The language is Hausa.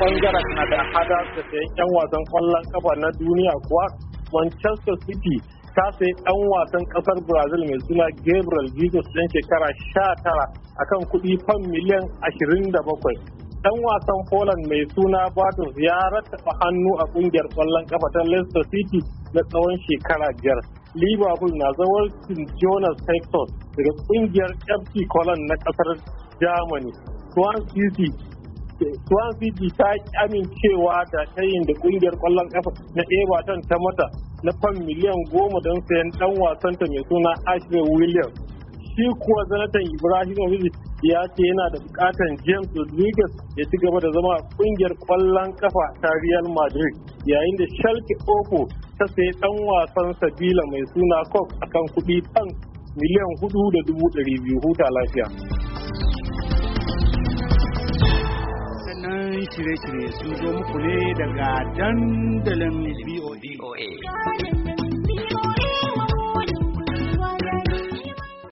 Bangaren da hada da sayan 'yan wasan kwallon kafa na duniya kuwa Manchester City ta sayi ɗan wasan ƙasar Brazil mai suna Gabriel Jesus ɗan shekara sha 19 akan kuɗi fan miliyan ashirin da bakwai Ɗan wasan Poland mai suna Bartos ya rattaba hannu a ƙungiyar kwallon kafa ta Leicester City na tsawon shekara biyar. liverpool na zawarcin jonas hector daga kungiyar fc cologne na kasar germany swan city ta amincewa da shayin da kungiyar kwallon kafa na everton ta mata na fan miliyan goma don sayan dan ta mai suna ashley williams shi kuwa zanatan ibrahimovic ya ce yana da bukatan james rodriguez ya ci gaba da zama kungiyar kwallon kafa ta real madrid yayin da shalke ofo ta sayi ɗan wasan sabila mai suna cox akan kuɗi kan miliyan hudu da dubu ɗari biyu huta lafiya sanan shirye-shirye sun zo muku ne daga dandalin BOA.